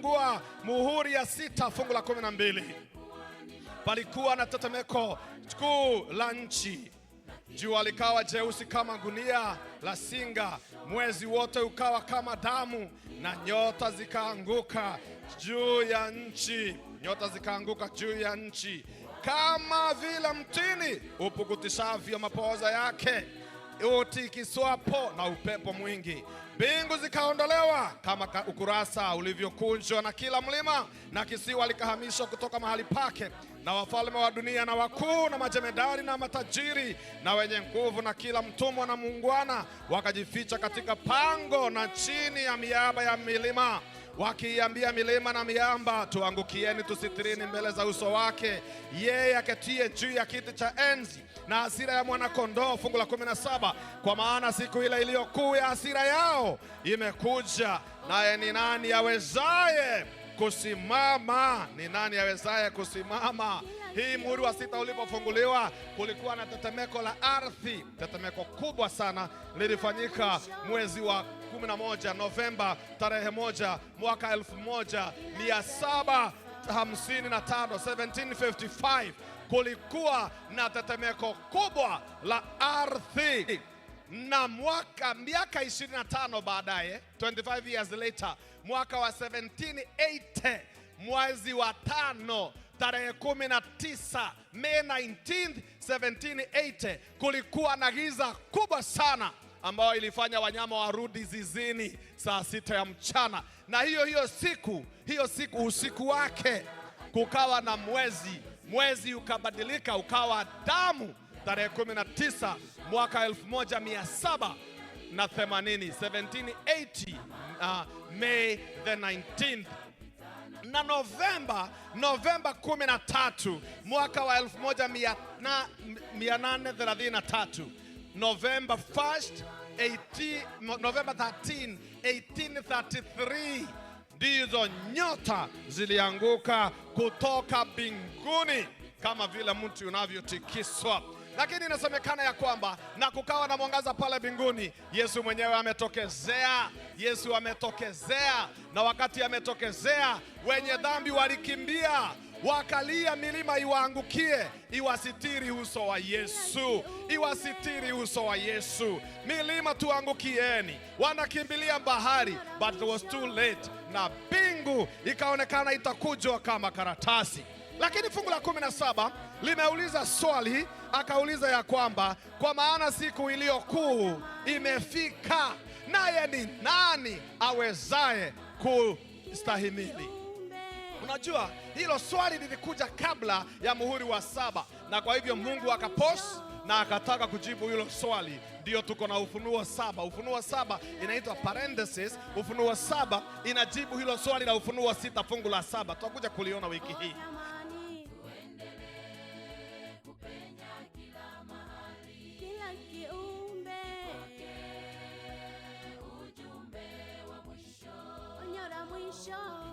kufungua muhuri ya sita fungu la kumi na mbili palikuwa na tetemeko kuu la nchi, jua likawa jeusi kama gunia la singa, mwezi wote ukawa kama damu, na nyota zikaanguka juu ya nchi. Nyota zikaanguka juu ya nchi kama vile mtini upukutishafyo mapooza yake utikiswapo na upepo mwingi, mbingu zikaondolewa kama ukurasa ulivyokunjwa, na kila mlima na kisiwa likahamishwa kutoka mahali pake, na wafalme wa dunia na wakuu na majemedari na matajiri na wenye nguvu na kila mtumwa na muungwana wakajificha katika pango na chini ya miamba ya milima wakiiambia milima na miamba, tuangukieni, tusitirini mbele za uso wake, yeye aketie juu ya kiti cha enzi, na hasira ya mwana kondoo. Fungu la kumi na saba kwa maana siku ile iliyokuu ya hasira yao imekuja, naye ni nani awezaye kusimama? Ni nani awezaye kusimama? Hii muhuri wa sita ulipofunguliwa, kulikuwa na tetemeko la ardhi. Tetemeko kubwa sana lilifanyika mwezi wa 11 Novemba tarehe moja mwaka 1700 1755 kulikuwa na tetemeko kubwa la ardhi na mwaka miaka 25 baadaye, 25 years later, mwaka wa 1780 mwezi wa tano tarehe 19 May 19 1780, kulikuwa na giza kubwa sana ambayo ilifanya wanyama warudi zizini saa sita ya mchana, na hiyo hiyo siku hiyo siku usiku wake kukawa na mwezi, mwezi ukabadilika ukawa damu, tarehe 19 mwaka 1780 1780, uh, May the 19th na Novemba Novemba 13 mwaka wa 1833 November 1st, 18, November 13, 1833 ndizo nyota zilianguka kutoka binguni kama vile mtu unavyotikiswa. Lakini inasemekana ya kwamba na kukawa na mwangaza pale binguni Yesu mwenyewe ametokezea, Yesu ametokezea, na wakati ametokezea wenye dhambi walikimbia wakalia milima iwaangukie, iwasitiri uso wa Yesu, iwasitiri uso wa Yesu. Milima tuangukieni, wanakimbilia bahari, but it was too late, na bingu ikaonekana itakujwa kama karatasi. Lakini fungu la kumi na saba limeuliza swali, akauliza ya kwamba kwa maana siku iliyo kuu imefika, naye ni nani awezaye kustahimili? Unajua hilo swali lilikuja kabla ya muhuri wa saba, na kwa hivyo Mungu akapos na akataka kujibu hilo swali. Ndio tuko na Ufunuo saba. Ufunuo saba inaitwa parenthesis. Ufunuo saba inajibu hilo swali la Ufunuo sita fungu la saba. Tutakuja kuliona wiki hii. Show.